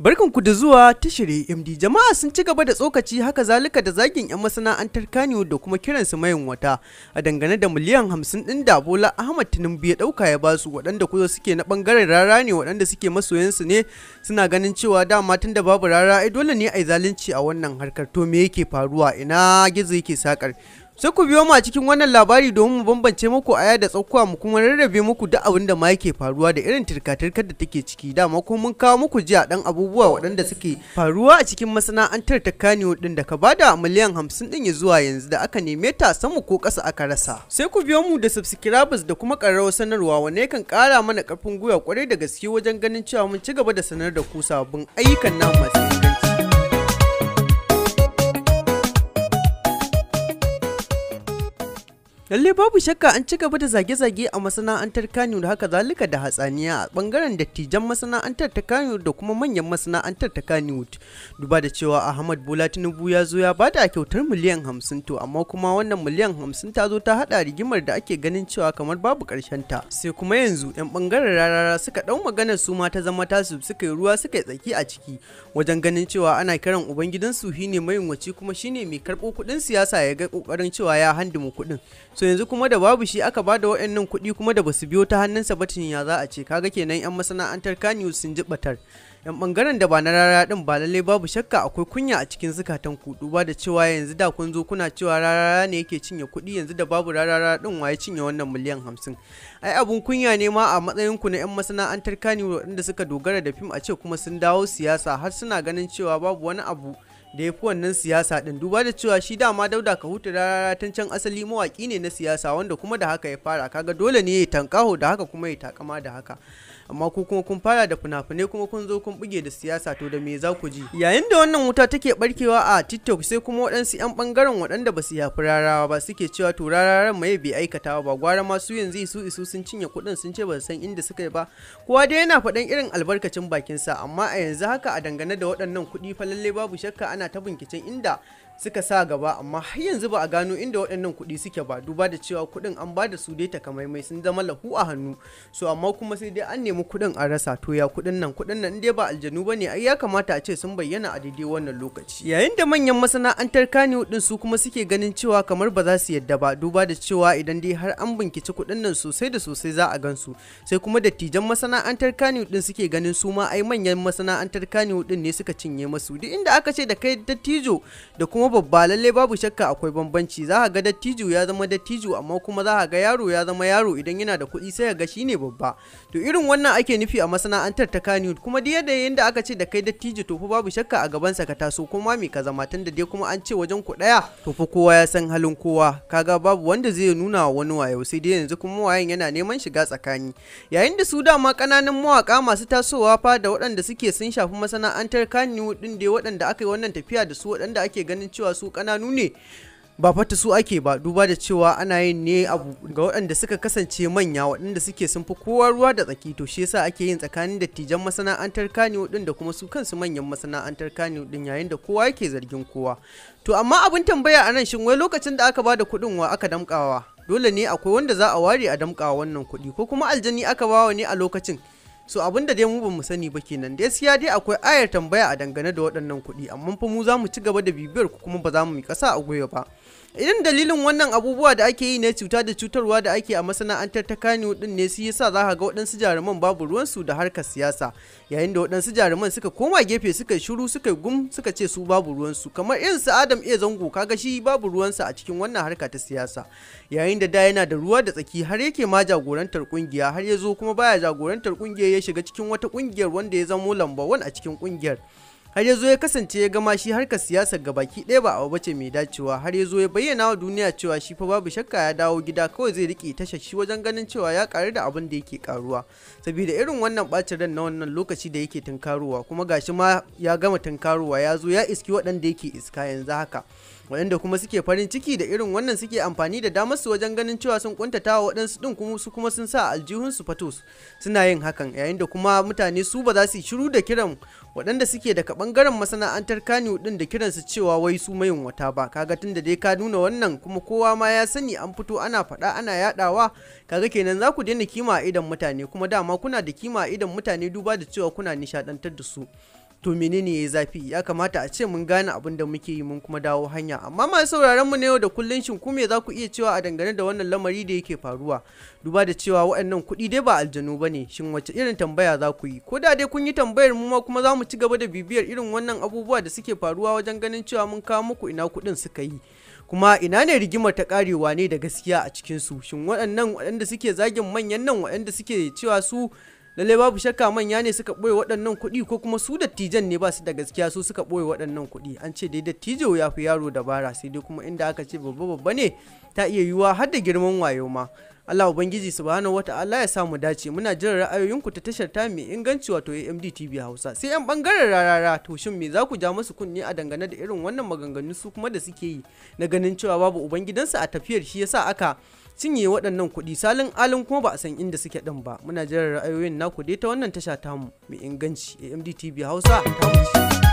Barkanku da zuwa tashiri MD jama'a sun ci gaba da tsokaci haka zalika da zagin 'yan masana'antar kaniyo da kuma kiransu mayin wata a dangane da miliyan hamsin ɗin da Bola Ahmad Tinubu ya ɗauka ya basu waɗanda kuzo suke na bangaren rara ne wadanda suke masoyansu ne suna ganin cewa dama tun da babu rara ai dole ne a yi zalunci a wannan harkar to me yake faruwa ina gizo yake sakar Sai ku biyo mu a cikin wannan labari domin mu bambance muku aya da tsakuwa mu kuma rarrabe muku duk abin da ma yake faruwa da irin tirka da take ciki dama ko mun kawo muku jiya dan abubuwa waɗanda suke faruwa a cikin masana'antar ta din da ka bada miliyan hamsin din ya zuwa yanzu da aka neme ta samu ko ƙasa aka rasa. Sai ku biyo mu da subscribers da kuma ƙararrawar sanarwa wanne kan ƙara mana ƙarfin gwiwa kwarai da gaske wajen ganin cewa mun ci gaba da sanar da ku sabbin ayyukan namu masu lalle babu shakka an ci gaba da zage-zage a masana'antar kano da haka zalika da hatsaniya a bangaren dattijan masana'antar ta kano da kuma manyan masana'antar ta kano duba da cewa ahmad bola tinubu ya zo ya bada kyautar miliyan hamsin to amma kuma wannan miliyan hamsin ta zo ta hada rigimar da ake ganin cewa kamar babu karshen ta sai kuma yanzu yan bangaren rarara suka dau maganar su ma ta zama tasu suka yi ruwa suka yi tsaki a ciki wajen ganin cewa ana kiran ubangidansu shine mai kuma shine mai karɓo kuɗin siyasa ya ga kokarin cewa ya mu kuɗin so yanzu kuma da babu shi aka bada waɗannan kuɗi kuma da basu biyo ta hannunsa ba ya za a ce kaga kenan yan masana'antar kaniyu sun ji batar yan bangaren da ba na rara din ba lallai babu shakka akwai kunya a cikin zukatan ku ba da cewa yanzu da kun zo kuna cewa rarara ne yake cinye kuɗi yanzu da babu rarara din waye cinye wannan miliyan hamsin ai abun kunya ne ma a matsayin ku na yan masana'antar kaniyu waɗanda suka dogara da fim a ce kuma sun dawo siyasa har suna ganin cewa babu wani abu da ya fi wannan siyasa din duba da cewa shi dama dauda ka huta rarara tun can asali mawaki ne na siyasa wanda kuma da haka ya fara kaga dole ne ya tankaho da haka kuma ya takama da haka amma ku kuma kun fara da fina-finai kuma kun zo kun buge da siyasa to da me za ku ji yayin da wannan wuta take barkewa a tiktok sai kuma waɗansu 'yan ɓangaren waɗanda ba su yafi rarawa ba suke cewa to rararen mai bai aikata ba gwara ma su yanzu su isu sun cinye kuɗin sun ce ba su san inda suka yi ba kowa dai yana faɗan irin albarkacin bakinsa amma a yanzu haka a dangane da waɗannan kuɗi fa lallai babu shakka ana ta binkicin inda suka sa gaba amma har yanzu ba a gano inda waɗannan kuɗi suke ba duba da cewa kuɗin an ba da su dai takamaimai sun zama lahu a hannu so amma kuma sai dai an nemi kuɗin a rasa to ya kuɗin nan kuɗin nan dai ba aljanu ba ne ai ya kamata a ce sun bayyana a daidai wannan lokaci yayin da manyan masana'antar kani din su kuma suke ganin cewa kamar ba za su yadda ba duba da cewa idan dai har an binkici kuɗin nan sosai da sosai za a gansu sai kuma dattijan masana'antar kani din suke ganin su ma ai manyan masana'antar kani din ne suka cinye masu duk inda aka ce da kai dattijo da kuma babba lalle babu shakka akwai bambanci za ga dattijo ya zama dattijo amma kuma za ga yaro ya zama yaro idan yana da kuɗi sai ga shine babba to irin wannan ake nufi a masana'antar ta Kannywood kuma da yadda yanda aka ce da kai dattijo to fa babu shakka a gaban sa ka taso kuma me ka zama tunda dai kuma an ce wajen ku daya to fa kowa ya san halin kowa kaga babu wanda zai nuna wa wani wayo sai dai yanzu kuma wayan yana neman shiga tsakani yayin da su dama kananan mawaka masu tasowa fa da waɗanda suke sun shafi masana'antar Kannywood din dai waɗanda aka yi wannan tafiya da su waɗanda ake ganin cewa su kananu ne ba fata su ake ba duba da cewa ana yin ne abu ga waɗanda suka kasance manya waɗanda suke sun fi kowa ruwa da tsaki to shi yasa ake yin tsakanin dattijan masana'antar kaniyo din da kuma su kansu manyan masana'antar kani din yayin da kowa yake zargin kowa to amma abin tambaya a nan shin wai lokacin da aka bada kuɗin wa aka damƙawa dole ne akwai wanda za a ware a damƙawa wannan kuɗi ko kuma aljani aka bawa ne a lokacin so abin da dai mu bamu sani ba kenan gaskiya dai akwai ayar tambaya a dangane da waɗannan kuɗi amma fa mu za mu ci gaba da bibiyar ku kuma ba za mu yi ƙasa a gwiwa ba idan dalilin wannan abubuwa da ake yi ne cuta da cutarwa da ake a masana'antar ta kano din ne su yasa za ka ga waɗansu jaruman babu ruwansu da harkar siyasa yayin da waɗansu jaruman suka koma gefe suka shiru suka gum suka ce su babu ruwansu kamar irin su adam iya zango kaga shi babu ruwansa a cikin wannan harka ta siyasa yayin da da yana da ruwa da tsaki har yake ma jagorantar kungiya har ya zo kuma baya jagorantar kungiya ya shiga cikin wata kungiyar wanda ya zamo lamba wani a cikin kungiyar har ya zo ya kasance ya gama shi harkar siyasa baki ɗaya ba abu bace mai dacewa har ya zo ya bayyana wa duniya cewa shi fa babu shakka ya dawo gida kawai zai riƙe tashar shi wajen ganin cewa ya karu da abin da yake karuwa saboda irin wannan bacin ran na wannan lokaci da yake tunkarowa kuma gashi ma ya gama tunkarowa ya zo ya iski waɗanda yake iska yanzu haka waɗanda kuma suke farin ciki da irin wannan suke amfani da damar su wajen ganin cewa sun kuntata wa waɗansu ɗin kuma su kuma sun sa aljihun su fatos suna yin hakan yayin da kuma mutane su ba za su shiru da kiran waɗanda suke daga ɓangaren masana'antar kanu ɗin da kiran su cewa wai su mayin wata ba kaga tun da dai ka nuna wannan kuma kowa ma ya sani an fito ana faɗa ana yaɗawa kaga kenan za ku daina kima a idan mutane kuma dama kuna da kima a idan mutane duba da cewa kuna nishaɗantar da su to menene yayi zafi ya kamata a ce mun gane abin da muke yi mun kuma dawo hanya amma masu sauraron mu na yau da kullun shin ku me za ku iya cewa a dangane da wannan lamari da yake faruwa duba da cewa waɗannan kuɗi dai ba aljanu bane shin wace irin tambaya za ku yi ko da dai kun yi tambayar mu ma kuma za mu ci gaba da bibiyar irin wannan abubuwa da suke faruwa wajen ganin cewa mun kawo muku ina kuɗin suka yi kuma ina ne rigimar ta karewa ne da gaskiya a cikin su shin waɗannan waɗanda suke zagin manyan nan waɗanda suke cewa su lalle babu shakka manya ne suka ɓoye waɗannan kuɗi ko kuma su dattijan ne ba su da gaskiya su suka ɓoye waɗannan kuɗi an ce dai dattijo ya fi yaro dabara sai dai kuma inda aka ce babba babba ne ta iya yiwuwa har da girman wayo ma Allah Ubangiji wata allah ya samu dace muna jiran ra'ayoyinku ta tashar ta mai inganci wato AMD TV Hausa sai yan bangaren rarara to shin me za ku ja musu kunne a dangane da irin wannan maganganu su kuma da suke yi na ganin cewa babu ubangidansa a tafiyar shi yasa aka cinye waɗannan kuɗi salin alin kuma ba a san inda suke ɗin ba muna jiran ra'ayoyin naku dai ta wannan tasha tamu mai inganci amd hausa ta